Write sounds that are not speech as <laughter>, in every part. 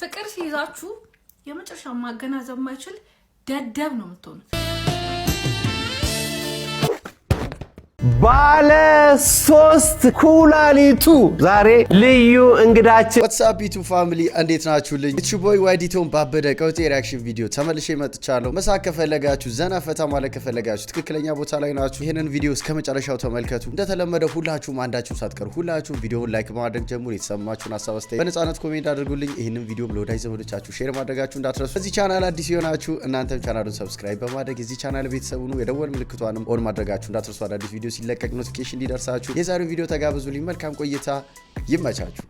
ፍቅር ሲይዛችሁ የመጨረሻ ማገናዘብ ማይችል ደደብ ነው የምትሆኑት። ባለ ሶስት ኩላሊቱ ዛሬ ልዩ እንግዳችን ዋትሳፕ ቢቱ ፋሚሊ እንዴት ናችሁልኝ? እቺ ቦይ ዋይዲቶን ባበደ ቀውጤ ሪያክሽን ቪዲዮ ተመልሼ መጥቻለሁ። መሳቅ ከፈለጋችሁ ዘና ፈታ ማለት ከፈለጋችሁ ትክክለኛ ቦታ ላይ ናችሁ። ይህንን ቪዲዮ እስከ መጨረሻው ተመልከቱ። እንደተለመደው ሁላችሁም አንዳችሁም ሳትቀሩ ሁላችሁም ቪዲዮውን ላይክ በማድረግ ጀምሩ። የተሰማችሁን ሀሳብ አስተያየት በነጻነት ኮሜንት አድርጉልኝ። ይህንን ቪዲዮም ለወዳጅ ዘመዶቻችሁ ሼር ማድረጋችሁ እንዳትረሱ። በዚህ ቻናል አዲስ የሆናችሁ እናንተም ቻናሉን ሰብስክራይብ በማድረግ የዚህ ቻናል ቤተሰቡ የደወል ምልክቷንም ኦን ማድረጋችሁ እንዳትረሱ አዳዲስ ቪዲዮ ሲለቀቅ ኖቲፊኬሽን ሊደርሳችሁ የዛሬው ቪዲዮ ተጋብዙልኝ። መልካም ቆይታ፣ ይመቻችሁ።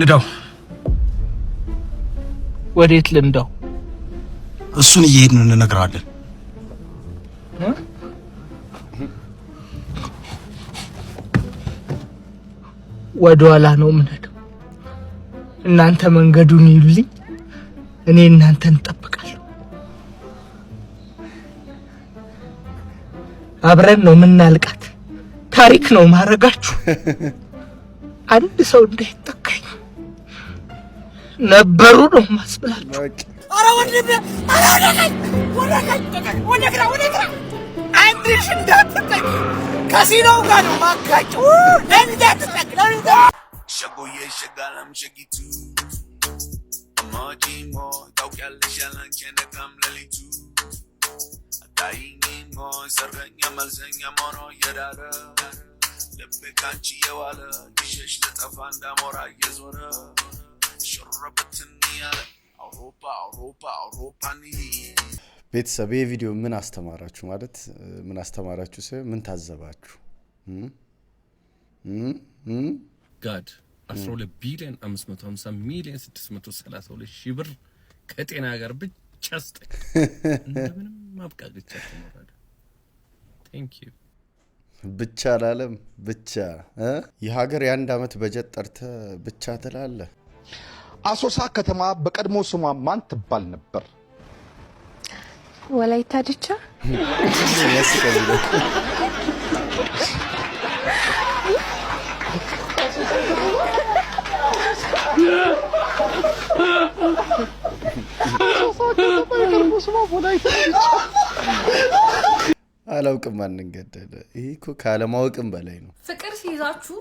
ንዳው ወዴት ልንዳው? እሱን እየሄድን እንነግራለን። ወደኋላ ነው የምንሄደው። እናንተ መንገዱን ይሉልኝ እኔ እናንተን እንጠብቃለሁ። አብረን ነው የምናልቃት። ታሪክ ነው ማረጋችሁ። <laughs> አንድ ሰው እንዳይጠቃኝ ነበሩ ነው ማስብላችሁ። ምድርሽ እንዳትጠቂ ከሲኖው ጋር ነው ማካጭ። ለምን አትጠቂ? ለምን ሸጎዬ ሸጋላም ሸጊቱ ሞጂሞ ታውቂያለሽ ያላንቺ ነቃም ለሊቱ አታይኝሞ ሰርገኛ መልሰኛ ሞኖ የዳረ ልቤ ካንቺ የዋለ ይሸሽ ልጠፋ እንዳሞራ እየዞረ ሽረብትን ያለ አውሮፓ አውሮፓ አውሮፓ ንሂድ ቤተሰብ ይህ ቪዲዮ ምን አስተማራችሁ? ማለት ምን አስተማራችሁ ሲሆን ምን ታዘባችሁ? ጋድ 12 ቢሊዮን 550 ሚሊዮን 632 ሺህ ብር ከጤና ጋር ብቻ ስጠኝ። እንደምንም ማብቃት ብቻ ትኖራለህ። ቴንክ ዩ ብቻ አላለም። ብቻ የሀገር የአንድ ዓመት በጀት ጠርተ ብቻ ትላለህ። አሶሳ ከተማ በቀድሞ ስሟ ማን ትባል ነበር? ወላይታ ድቻ አላውቅም ማንን ገደለ። ይህ እኮ ካለማወቅም በላይ ነው። ፍቅር ሲይዛችሁ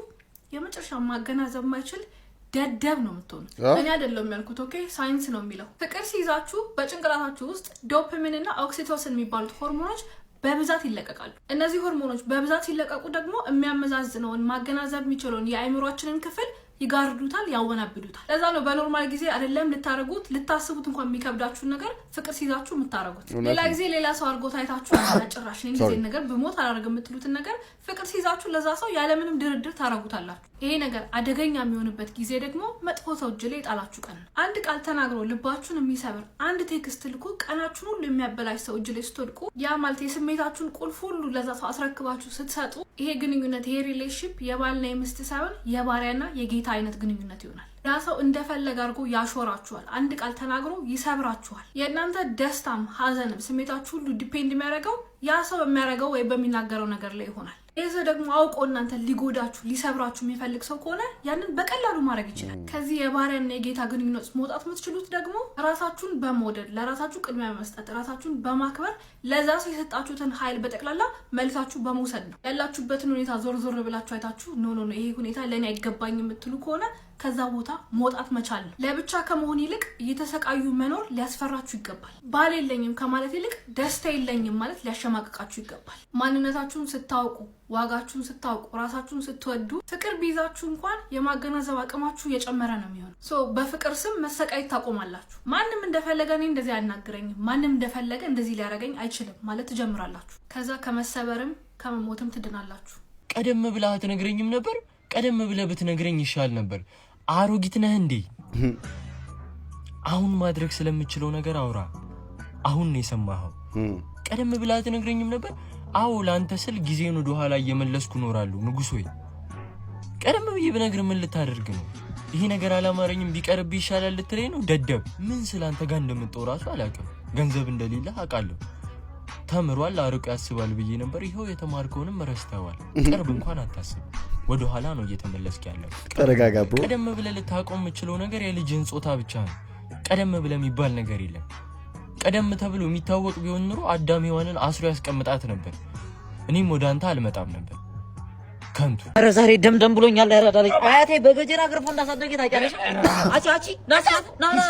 የመጨረሻ ማገናዘብ ማይችል ደደብ ነው የምትሆኑ እኔ አይደለሁም ያልኩት። ኦኬ ሳይንስ ነው የሚለው። ፍቅር ሲይዛችሁ በጭንቅላታችሁ ውስጥ ዶፕሚን እና ኦክሲቶሲን የሚባሉት ሆርሞኖች በብዛት ይለቀቃሉ። እነዚህ ሆርሞኖች በብዛት ሲለቀቁ ደግሞ የሚያመዛዝነውን ማገናዘብ የሚችለውን የአእምሯችንን ክፍል ይጋርዱታል፣ ያወናብዱታል። ለዛ ነው በኖርማል ጊዜ አይደለም ልታደርጉት ልታስቡት እንኳን የሚከብዳችሁን ነገር ፍቅር ሲይዛችሁ የምታደርጉት። ሌላ ጊዜ ሌላ ሰው አድርጎት አይታችሁ ጭራሽ ጊዜ ነገር ብሞት አላደርግ የምትሉትን ነገር ፍቅር ሲይዛችሁ ለዛ ሰው ያለምንም ድርድር ታደርጉታላችሁ። ይሄ ነገር አደገኛ የሚሆንበት ጊዜ ደግሞ መጥፎ ሰው እጅ ላይ የጣላችሁ ቀን አንድ ቃል ተናግሮ ልባችሁን የሚሰብር አንድ ቴክስት ልኮ ቀናችሁን ሁሉ የሚያበላሽ ሰው እጅ ላይ ስትወድቁ ያ ማለት የስሜታችሁን ቁልፍ ሁሉ ለዛ ሰው አስረክባችሁ ስትሰጡ ይሄ ግንኙነት ይሄ ሪሌሽንሽፕ የባልና የምስት ሳይሆን የባሪያና የጌታ አይነት ግንኙነት ይሆናል። ያ ሰው እንደፈለገ አድርጎ ያሾራችኋል። አንድ ቃል ተናግሮ ይሰብራችኋል። የእናንተ ደስታም ሀዘንም ስሜታችሁ ሁሉ ዲፔንድ የሚያደርገው ያ ሰው በሚያደርገው ወይ በሚናገረው ነገር ላይ ይሆናል። ይህ ሰው ደግሞ አውቆ እናንተ ሊጎዳችሁ ሊሰብራችሁ የሚፈልግ ሰው ከሆነ ያንን በቀላሉ ማድረግ ይችላል። ከዚህ የባሪያና የጌታ ግንኙነት መውጣት የምትችሉት ደግሞ ራሳችሁን በመውደድ ለራሳችሁ ቅድሚያ በመስጠት ራሳችሁን በማክበር ለዛ ሰው የሰጣችሁትን ኃይል በጠቅላላ መልሳችሁ በመውሰድ ነው። ያላችሁበትን ሁኔታ ዞር ዞር ብላችሁ አይታችሁ ኖ ኖ ይሄ ሁኔታ ለእኔ አይገባኝ የምትሉ ከሆነ ከዛ ቦታ መውጣት መቻል ነው። ለብቻ ከመሆን ይልቅ እየተሰቃዩ መኖር ሊያስፈራችሁ ይገባል። ባል የለኝም ከማለት ይልቅ ደስታ የለኝም ማለት ሊያሸ ልታሸማቅቃችሁ ይገባል። ማንነታችሁን ስታውቁ፣ ዋጋችሁን ስታውቁ፣ ራሳችሁን ስትወዱ ፍቅር ቢይዛችሁ እንኳን የማገናዘብ አቅማችሁ የጨመረ ነው የሚሆነው። ሶ በፍቅር ስም መሰቃየት ታቆማላችሁ። ማንም እንደፈለገ እኔ እንደዚህ አያናግረኝም፣ ማንም እንደፈለገ እንደዚህ ሊያደርገኝ አይችልም ማለት ትጀምራላችሁ። ከዛ ከመሰበርም ከመሞትም ትድናላችሁ። ቀደም ብለህ አትነግረኝም ነበር፣ ቀደም ብለህ ብትነግረኝ ይሻል ነበር። አሮጊት ነህ እንዴ? አሁን ማድረግ ስለምችለው ነገር አውራ። አሁን ነው የሰማኸው። ቀደም ብላ አትነግረኝም ነበር። አዎ ለአንተ ስል ጊዜን ወደ ኋላ እየመለስኩ እኖራለሁ። ንጉሥ ሆይ ቀደም ብዬ ብነግር ምን ልታደርግ ነው? ይሄ ነገር አላማረኝም ቢቀርብ ይሻላል ልትለኝ ነው? ደደብ ምን ስለ አንተ ጋር እንደምጠው ራሱ አላውቅም። ገንዘብ እንደሌለ አውቃለሁ። ተምሯል፣ አርቆ ያስባል ብዬ ነበር። ይኸው የተማርከውንም ረስተዋል። ቅርብ እንኳን አታስብ። ወደኋላ ነው እየተመለስክ ያለው። ተረጋጋ። ቀደም ብለህ ልታቆም የምችለው ነገር የልጅን ጾታ ብቻ ነው። ቀደም ብለህ የሚባል ነገር የለም። ቀደም ተብሎ የሚታወቅ ቢሆን ኑሮ አዳም ሔዋንን አስሮ ያስቀምጣት ነበር። እኔም ወደ አንተ አልመጣም ነበር። ከንቱ ኧረ ዛሬ ደምደም ብሎኛል። ያራዳለች አያቴ በገጀራ ገርፎ እንዳሳደገ ታውቂያለሽ። አቺ አቺ ና ና ና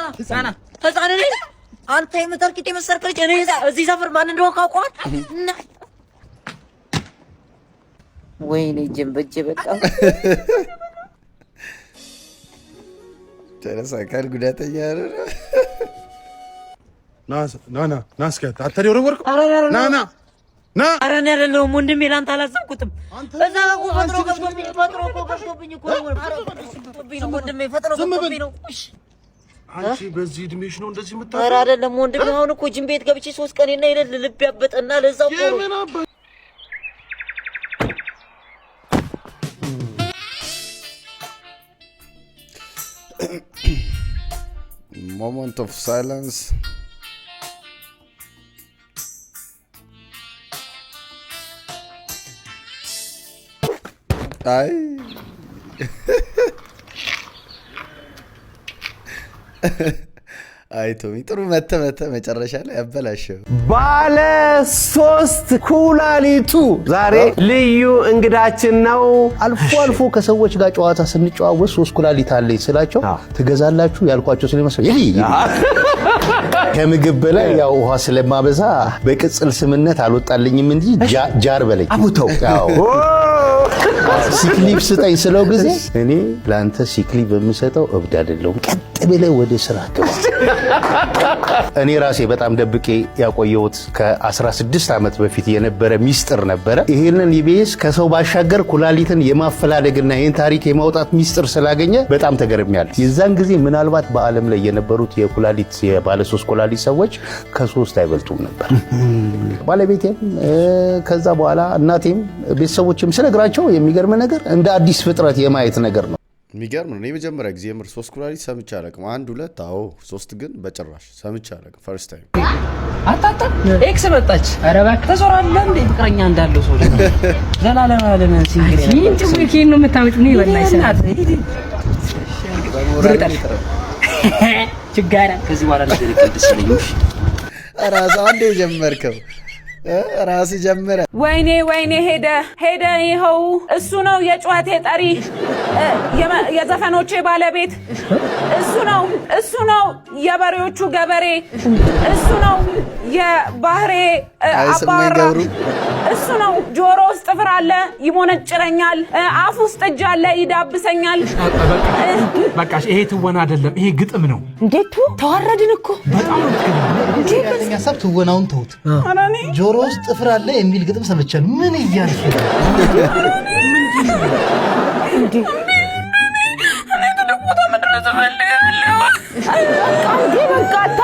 ህፃን ልጅ አንተ የምጠርቅ የመሰርከ ልጅ እኔ እዚህ ሰፈር ማን እንደሆነ ካውቀዋል። ወይኔ እጄን በእጄ በቃ ተነሳ አካል ጉዳተኛ ናና ና አታሪ ወረወርኩ ናና ና ኧረ እኔ አይደለሁም ወንድሜ፣ ለአንተ አላዘንኩትም። ፈጥሮ ፈጥሮ አንቺ በዚህ እድሜሽ ነው እንደዚህ የምታወራው? አረ አይደለም ወንድሜ፣ አሁን እኮ ጅም ቤት ገብቼ ሶስት ቀን እና ይለል ልብ ያበጠና ለዛው ቆሮ ሞመንት ኦፍ ሳይለንስ አይ ቶሚ ጥሩ መተ መተ መጨረሻ ላይ ያበላሸው ባለ ሶስት ኩላሊቱ ዛሬ ልዩ እንግዳችን ነው። አልፎ አልፎ ከሰዎች ጋር ጨዋታ ስንጨዋወት ሶስት ኩላሊት አለኝ ስላቸው ትገዛላችሁ ያልኳቸው ስለመሰለ ከምግብ በላይ ያው ውሃ ስለማበዛ በቅጽል ስምነት አልወጣልኝም እንጂ ጃር በለኝ አቡተው ሲክሊፕ ስጠኝ ስለው ጊዜ እኔ ለአንተ ሲክሊፕ የምሰጠው እብድ አይደለሁም ላይ ወደ ስራ ግባ። እኔ ራሴ በጣም ደብቄ ያቆየሁት ከ16 ዓመት በፊት የነበረ ሚስጥር ነበረ። ይህንን ኢቢኤስ ከሰው ባሻገር ኩላሊትን የማፈላለግና ይህን ታሪክ የማውጣት ሚስጥር ስላገኘ በጣም ተገርሚያለሁ። የዛን ጊዜ ምናልባት በዓለም ላይ የነበሩት የኩላሊት የባለሶስት ኩላሊት ሰዎች ከሶስት አይበልጡም ነበር። ባለቤቴም ከዛ በኋላ እናቴም ቤተሰቦችም ስነግራቸው የሚገርም ነገር እንደ አዲስ ፍጥረት የማየት ነገር ነው። የሚገርም ነው። የመጀመሪያ ጊዜ የምር ሶስት ኩላሊት ሰምቼ አላውቅም። አንድ ሁለት፣ አዎ ሶስት ግን በጭራሽ ሰምቼ አላውቅም። ፈርስት ታይም አታጣም። ኤክስ መጣች። ኧረ እባክህ ተዞራለ እንዴ ፍቅረኛ እንዳለው ሰው ዘላለም አለም ሲንግል ነው የምታመጭ ነው ይበላሽ ሰዓት ችጋራ ከዚህ በኋላ ልጅ ቅድስ ልኝ አንዴ ጀመርከው ራስ ጀምረ ወይኔ ወይኔ ሄደ ሄደ ይኸው እሱ ነው የጨዋቴ ጠሪ የዘፈኖቼ ባለቤት እሱ ነው እሱ ነው የበሬዎቹ ገበሬ እሱ ነው ባህሬ አባራ እሱ ነው። ጆሮ ውስጥ ጥፍር አለ፣ ይሞነጭረኛል። አፍ ውስጥ እጅ አለ፣ ይዳብሰኛል። በቃ ይሄ ትወና አይደለም፣ ይሄ ግጥም ነው። እንዴት ተዋረድን እኮ በጣም ትወናውን ተውት። ጆሮ ውስጥ ጥፍር አለ የሚል ግጥም ሰምቻል። ምን እያልሽ ነው?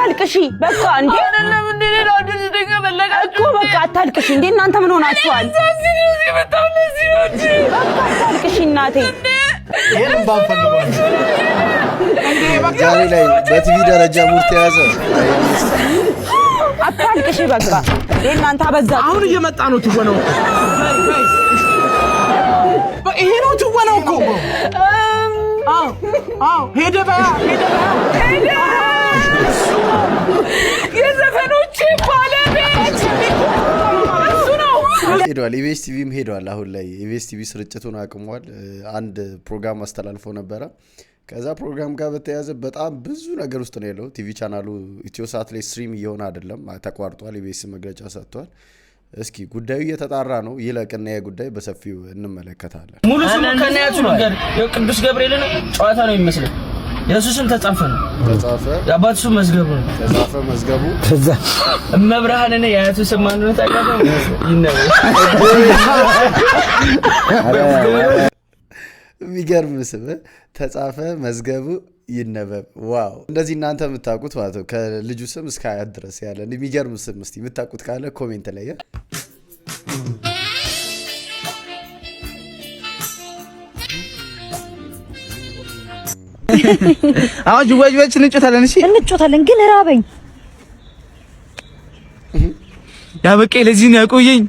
አታልቅሺ። በቃ እንዴ አይደለም እንዴ ሌላ ድል ደገ በለጋችሁ እኮ በቃ አታልቅሺ። እንዴ እናንተ ምን ሆናችኋል? አታልቅሺ እናቴ ዛሬ ላይ በቲቪ ደረጃ ሙርት ያዘ። አታልቅሺ በቃ እናንተ አበዛ። አሁን እየመጣ ነው ትወነው ይሄ ነው ትወነው እኮ ሄደ በያ ሄደ በያ የዘፈኖች ባለቤት እሱ ነው። ሄደዋል። ኢቢኤስ ቲቪም ሄደዋል። አሁን ላይ ኢቢኤስ ቲቪ ስርጭቱን አቅሟል። አንድ ፕሮግራም አስተላልፎ ነበረ። ከዛ ፕሮግራም ጋር በተያያዘ በጣም ብዙ ነገር ውስጥ ነው ያለው። ቲቪ ቻናሉ ኢትዮ ሳት ላይ ስትሪም እየሆነ አይደለም፣ ተቋርጧል። ኢቢኤስ መግለጫ ሰጥቷል። እስኪ ጉዳዩ እየተጣራ ነው። ይለቅና ይህ ጉዳይ በሰፊው እንመለከታለን። ሙሉ ስሙ ነገር ቅዱስ ገብርኤልን ጨዋታ ነው የሚመስለው የእሱ ስም ተጻፈ ነው ተጻፈ። የአባቱ ስም መዝገቡ ነው ተጻፈ መዝገቡ። ከዛ እመብርሃን እኔ የአያቱ ስም ማን ነው ታውቃለህ? የሚገርም ስም ተጻፈ መዝገቡ ይነበብ። ዋው! እንደዚህ እናንተ የምታውቁት ማለት ነው ከልጁ ስም እስከ አያት ድረስ ያለ የሚገርም ስም። እስኪ የምታውቁት ካለ ኮሜንት ላይ አሁን ጅዋጅዋችን እንጮታለን። እሺ እንጮታለን፣ ግን ራበኝ። ያበቀ ለዚህ ነው ያቆየኝ።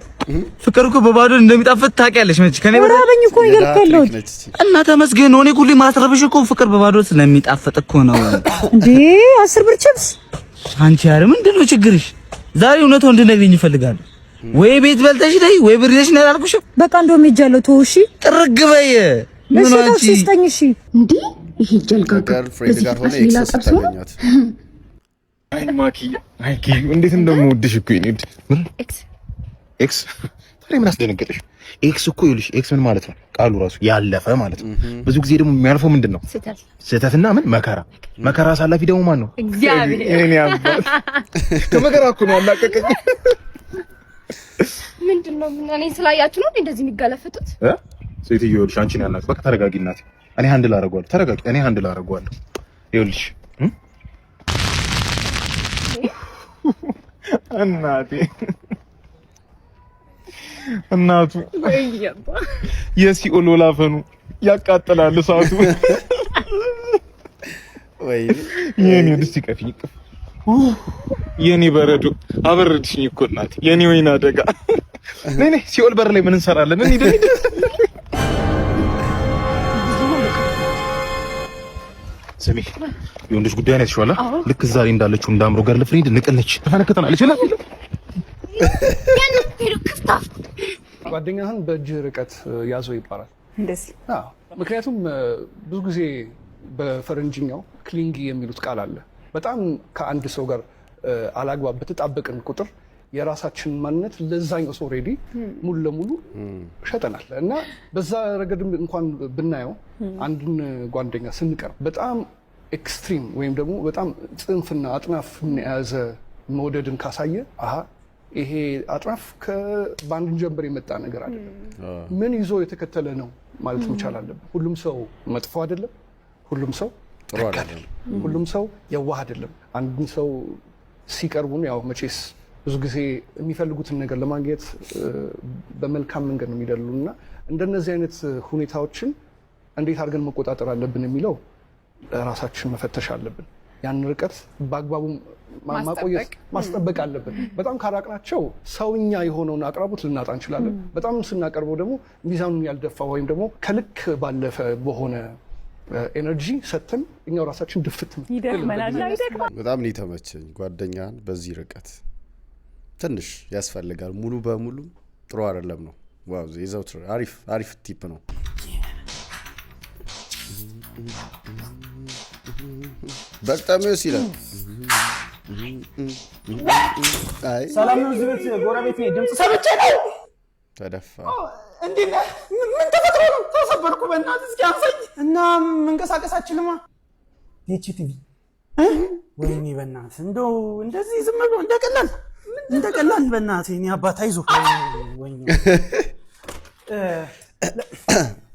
ፍቅር እኮ በባዶ እንደሚጣፍጥ ታውቂያለሽ። መች ከኔ ራበኝ እኮ እያልኩለት እና ተመስገን ሆኔ ኩሊ ማስረብሽ እኮ ፍቅር በባዶ ስለሚጣፍጥ እኮ ነው። እንዴ አስር ብር ቺፕስ አንቺ ያረ ምንድን ነው ችግርሽ? ዛሬ እውነታውን እንድነግሪኝ ይፈልጋል። ወይ ቤት በልተሽ ነይ ወይ ብር ይዘሽ ነይ አላልኩሽም? በቃ እንደውም ሄጃለሁ። ተው እሺ፣ ጥርግ በይ ምን እንዴ ይሄ ጀልጋጋ በዚህ ፍጥነት ሌላ ጠብሶ እንዴት እንደምወድሽ እኮ ኤክስ ታዲያ ምን አስደነገጠሽ? ኤክስ እኮ ይኸውልሽ፣ ኤክስ ምን ማለት ነው? ቃሉ ራሱ ያለፈ ማለት ነው። ብዙ ጊዜ ደግሞ የሚያልፈው ምንድን ነው? ስህተትና ምን መከራ። መከራ አሳላፊ ደግሞ ማን ነው? እግዚአብሔር። <laughs> ከመከራ እኮ ነው አላቀቀኝ። ምንድን ነው ስላያችሁ ነው እንደዚህ የሚጋለፈጡት? ሴትዮ ይኸውልሽ፣ አንቺን ያልናት በቃ ተረጋጊ እናቴ። እኔ ሀንድል አደርገዋለሁ። ተረጋጊ፣ እኔ ሀንድል አደርገዋለሁ። ይኸውልሽ እናቴ እናቱ የሲኦል ወላፈኑ ያቃጥላል እሳቱ። ወይ የኔ ድስት ይቀፊኝ የኔ በረዶ አበረድሽኝ እኮ እናቴ፣ የኔ ወይና አደጋ። ነይ ሲኦል በር ላይ ምን እንሰራለን? እንሂድ ስሚ የወንዶች ጉዳይ ነው የተሸዋላ ልክ ዛሬ እንዳለችው እንዳምሮ ገርል ፍሬንድ ንቅለች ተፈነከተናለች። ጓደኛህን በእጅ ርቀት ያዘው ይባላል ምክንያቱም ብዙ ጊዜ በፈረንጅኛው ክሊንግ የሚሉት ቃል አለ። በጣም ከአንድ ሰው ጋር አላግባብ በተጣበቅን ቁጥር የራሳችን ማንነት ለዛኛው ሰው ሬዲ ሙሉ ለሙሉ ሸጠናል እና በዛ ረገድ እንኳን ብናየው አንድን ጓደኛ ስንቀርብ በጣም ኤክስትሪም ወይም ደግሞ በጣም ጽንፍና አጥናፍ የያዘ መውደድን ካሳየ አሀ ይሄ አጥናፍ ከባንድን ጀንበር የመጣ ነገር አይደለም፣ ምን ይዞ የተከተለ ነው ማለት መቻል አለብን። ሁሉም ሰው መጥፎ አይደለም፣ ሁሉም ሰው ጥሩ አይደለም፣ ሁሉም ሰው የዋህ አይደለም። አንድን ሰው ሲቀርቡን ያው መቼስ ብዙ ጊዜ የሚፈልጉትን ነገር ለማግኘት በመልካም መንገድ ነው የሚደሉ እና እንደነዚህ አይነት ሁኔታዎችን እንዴት አድርገን መቆጣጠር አለብን የሚለው ራሳችን መፈተሽ አለብን። ያን ርቀት በአግባቡ ማቆየት ማስጠበቅ አለብን። በጣም ካራቅናቸው ሰውኛ የሆነውን አቅራቦት ልናጣ እንችላለን። በጣም ስናቀርበው ደግሞ ሚዛኑን ያልደፋ ወይም ደግሞ ከልክ ባለፈ በሆነ ኤነርጂ ሰጥተን እኛው ራሳችን ድፍት በጣም ነው ጓደኛን በዚህ ርቀት ትንሽ ያስፈልጋል። ሙሉ በሙሉ ጥሩ አይደለም ነው። የዘውትር አሪፍ አሪፍ ቲፕ ነው። በጣም ይወስ ይላል። ሰላም ነው። እዚህ ቤት ድምፅ ሰምቼ ነው። ተደፋ ምን ተፈጥሮ ነው? ተሰበርኩ። በእናትህ እስኪ አንሳኝ እና መንቀሳቀስ ቲቪ ወይኔ፣ በእናትህ እንደው እንደዚህ ዝም ብሎ እንደቀላል እንደቀላል፣ በእናትህ እኔ አባት አይዞህ <coughs>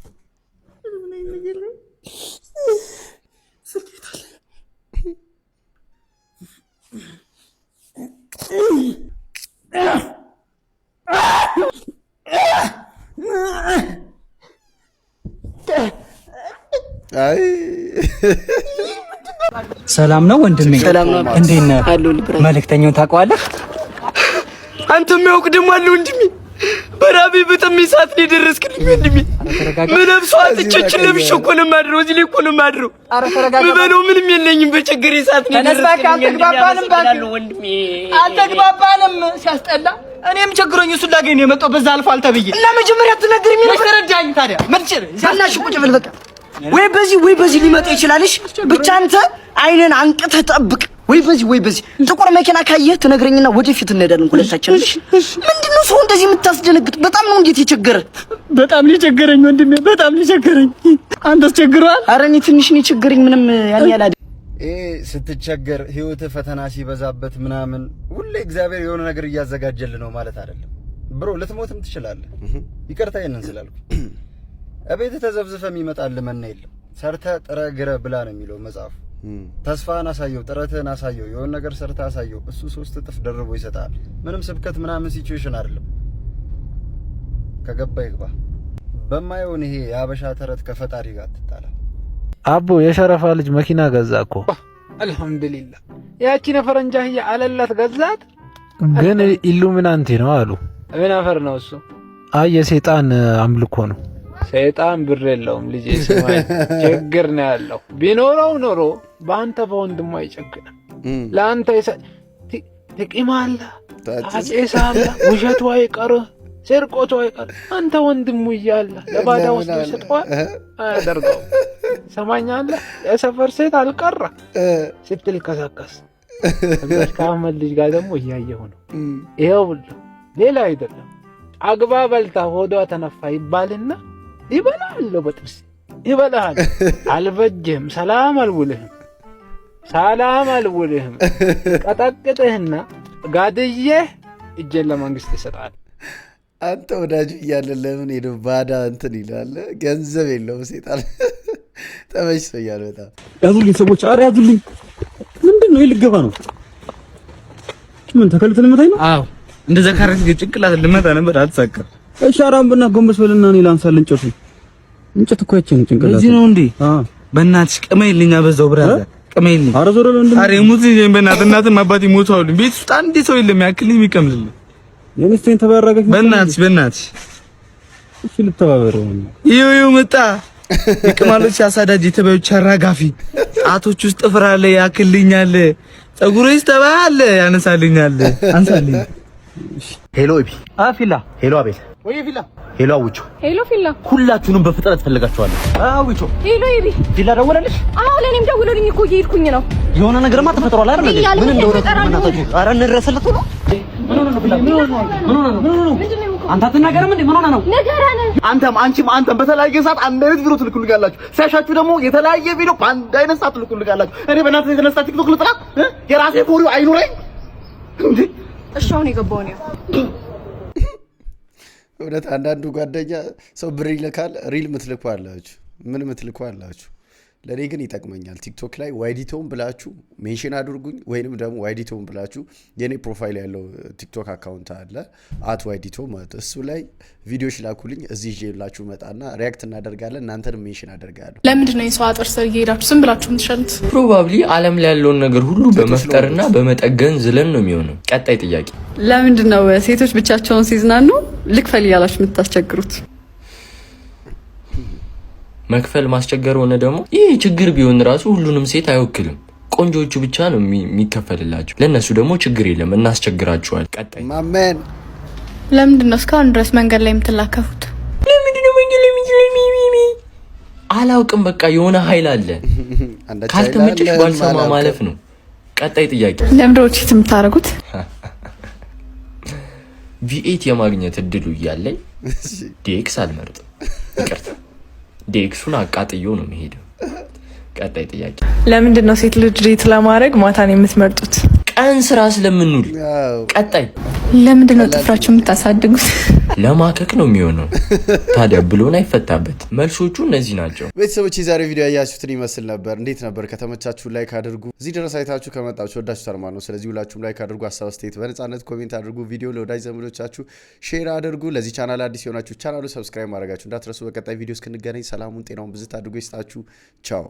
ሰላም ነው ወንድሜ፣ ሰላም ነው እንዴት ነህ? መልእክተኛውን ታውቀዋለህ? አንተ የሚያውቅ ደግሞ አለ ወንድሜ። በራቢ በጥሜ ሰዓት ነው የደረስክልኝ ወንድሜ። ምለብሶ አጥቼች ለብሼ እኮ ነው የማድረው፣ እዚህ ላይ እኮ ነው የማድረው። ምበለው ምንም የለኝም። በችግር ሰዓት ነው የደረስክልኝ። አልተግባባንም፣ ሲያስጠላ እኔም ቸግሮኝ እሱን ላገኝ ነው የመጣው። በዛ አልፎ አልተብዬ እና መጀመሪያ ትነግር ተረዳኝ ታዲያ መልጭ ዛላሽ ቁጭ ብል በቃ ወይ በዚህ ወይ በዚህ ሊመጣ ይችላልሽ። ብቻ አንተ አይንን አንቅተህ ጠብቅ። ወይ በዚህ ወይ በዚህ ጥቁር መኪና ካየህ ትነግረኝና ወደፊት እንሄዳለን ሁለታችን። ምንድን ነው ሰው እንደዚህ የምታስደነግጥ? በጣም ነው እንዴት የቸገረ። በጣም ሊቸገረኝ ወንድሜ፣ በጣም ሊቸገረኝ። አንተስ ቸግሯል? ኧረ እኔ ትንሽ ነው የቸገረኝ። ምንም ያኔ ያላ ስትቸገር ህይወት ፈተና ሲበዛበት ምናምን ሁሌ እግዚአብሔር የሆነ ነገር እያዘጋጀልን ነው ማለት አይደለም። ብሮ ልትሞትም ትችላለህ። ይቅርታ ይህንን ስላልኩ እቤት ተዘብዝፈ የሚመጣል መና የለም። ሰርተ ጥረ ግረ ብላ ነው የሚለው መጽሐፉ። ተስፋን አሳየው፣ ጥረትህን አሳየው፣ የሆነ ነገር ሰርተ አሳየው። እሱ ሶስት እጥፍ ደርቦ ይሰጣል። ምንም ስብከት ምናምን ሲቹዌሽን አይደለም። ከገባ ይግባ። በማየውን ይሄ የአበሻ ተረት ከፈጣሪ ጋር ትጣላ። አቦ የሸረፋ ልጅ መኪና ገዛ እኮ አልሐምዱሊላህ። ያቺን ፈረንጃ ህያ አለላት ገዛት፣ ግን ኢሉሚናንቲ ነው አሉ። ምን አፈር ነው እሱ? አይ የሴጣን አምልኮ ነው። ሰይጣን ብር የለውም ልጄ ችግር ነው ያለው። ቢኖረው ኖሮ በአንተ በወንድሙ አይጨግንም። ለአንተ ትቂማላ አጼሳላ ውሸቱ አይቀርህ ስርቆቱ አይቀርህ። አንተ ወንድሙ እያለ ለባዳ ውስጥ ስጠዋል አያደርገው ሰማኛለህ። የሰፈር ሴት አልቀረ ስትል ከሰከስ ከአህመድ ልጅ ጋር ደግሞ እያየሁ ነው። ይኸው ሌላ አይደለም አግባ በልታ ሆዷ ተነፋ ይባልና ይበላል፣ በጥርስ ይበላል። አልበጅህም፣ ሰላም አልውልህም፣ ሰላም አልውልህም። ቀጠቅጥህና ጋድዬህ እጄን ለመንግስት ይሰጣል። አንተ ወዳጅ እያለ ለምን ሄደ ባዳ እንትን ይላል። ገንዘብ የለውም ሴጣል ጠመች ሰያል በጣም ያዙልኝ ሰዎች፣ ኧረ ያዙልኝ። ምንድን ነው ልገባ ነው? ምን ተከልት ልመታኝ ነው? አዎ እንደዛ ካረስ ጭንቅላት ልመታ ነበር፣ አልተሳካም። እሺ አራምብና ጎንበስ በልና እኔ ላንሳልን ጨርሱኝ እንጨት እኮ አይቼ ነው ጭንቅላት እዚህ ነው እንዴ? በእናትሽ ቅመይልኝ፣ አበዛው ብራ ቅመይልኝ። አረ ዞር በል ወንድም። ኧረ ሙት ልጄ በእናት እናት አባቴ ሞቱ አሉኝ። ቤት ውስጥ አንድ ሰው የለም ያክል የሚቀምልልኝ። የሚስቴን ተባረከች። በእናትሽ በእናትሽ፣ እሺ ልተባበረው። ይኸው ይኸው መጣ። የቅማሎች አሳዳጅ፣ የተባዮች አራጋፊ፣ ጣቶች ውስጥ ጥፍር አለ ያክልኛል፣ ጸጉሩ ይስተባል ያነሳልኛል። አንሳልኝ። ሄሎ ቢ አፊላ ሄሎ አቤል ወይ ፊላ ሄሎ፣ አውቾ ሄሎ፣ ፊላ ሁላችሁንም በፍጥነት ፈልጋችኋለሁ። አውቾ ሄሎ፣ ይቢ ፊላ ደወለልሽ? አዎ፣ ለኔም ደውሎልኝ እኮ እየሄድኩኝ ነው። የሆነ ነገርማ ተፈጥሯል አይደል? ምን እንደሆነ ተናታችሁ። አረ እንረሰለት ነው። ምን ሆነ ነው? ምን ሆነ ነው? ምን ሆነ ነው? አንተ አትናገርም እንዴ? ምን ሆነ ነው? ነገራነ አንተም አንቺም አንተም በተለያየ ሰዓት አንድ አይነት ቪዲዮ ትልኩልጋላችሁ። ሲያሻችሁ ደግሞ የተለያየ ቪዲዮ በአንድ አይነት ሰዓት ትልኩልጋላችሁ። እኔ በእናንተ የተነሳ ቲክቶክ ልጥላት የራሴ ፎሪው አይኑረኝ እንዴ? እሺ አሁን የገባው ነው እውነት አንዳንዱ ጓደኛ ሰው ብር ይልካል። ሪል ምትልኩ አላችሁ፣ ምን ምትልኩ አላችሁ። ለእኔ ግን ይጠቅመኛል። ቲክቶክ ላይ ዋይዲቶም ብላችሁ ሜንሽን አድርጉኝ፣ ወይንም ደግሞ ዋይዲቶም ብላችሁ የእኔ ፕሮፋይል ያለው ቲክቶክ አካውንት አለ፣ አት ዋይዲቶ ማለት እሱ ላይ ቪዲዮች ላኩልኝ። እዚህ ይዤላችሁ መጣና ሪያክት እናደርጋለን፣ እናንተን ሜንሽን አደርጋለሁ። ለምንድን ነው የሰው አጥር ስር እየሄዳችሁ ዝም ብላችሁ የምትሸኑት? ፕሮባብሊ አለም ላይ ያለውን ነገር ሁሉ በመፍጠርና በመጠገን ዝለን ነው የሚሆነው። ቀጣይ ጥያቄ፣ ለምንድን ነው ሴቶች ብቻቸውን ሲዝናኑ ልክፈል እያላችሁ የምታስቸግሩት መክፈል ማስቸገር ሆነ ደግሞ ይህ ችግር ቢሆን ራሱ ሁሉንም ሴት አይወክልም። ቆንጆቹ ብቻ ነው የሚከፈልላቸው። ለእነሱ ደግሞ ችግር የለም፣ እናስቸግራቸዋል። ቀጣይ ማመን ለምንድን ነው እስካሁን ድረስ መንገድ ላይ የምትላከፉት? ለምንድን ነው መንገድ ላይ አላውቅም። በቃ የሆነ ኃይል አለ። <laughs> ካልተመጨሽ ባልሰማ ማለፍ ነው። ቀጣይ ጥያቄ ለምድሮች የምታደርጉት ቪኤት የማግኘት እድሉ እያለኝ ዲኤክስ አልመርጥም። ይቅርታ ዲኤክሱን አቃጥየው ነው የሚሄደው። ቀጣይ ጥያቄ፣ ለምንድን ነው ሴት ልጅ ዴት ለማድረግ ማታን የምትመርጡት? ቀን ስራ ስለምንውል። ቀጣይ ለምንድን ነው ጥፍራችሁ የምታሳድጉት? ለማከክ ነው የሚሆነው። ታዲያ ብሎን አይፈታበት። መልሶቹ እነዚህ ናቸው። ቤተሰቦች የዛሬ ቪዲዮ ያያችሁትን ይመስል ነበር። እንዴት ነበር? ከተመቻችሁ ላይክ አድርጉ። እዚህ ድረስ አይታችሁ ከመጣችሁ ወዳችሁ ተርማ ነው። ስለዚህ ሁላችሁም ላይክ አድርጉ። ሀሳብ አስተያየት በነጻነት ኮሜንት አድርጉ። ቪዲዮ ለወዳጅ ዘመዶቻችሁ ሼር አድርጉ። ለዚህ ቻናል አዲስ የሆናችሁ ቻናሉ ሰብስክራይብ ማድረጋችሁ እንዳትረሱ። በቀጣይ ቪዲዮ እስክንገናኝ ሰላሙን ጤናውን ብዝት አድርጎ ይስጣችሁ። ቻው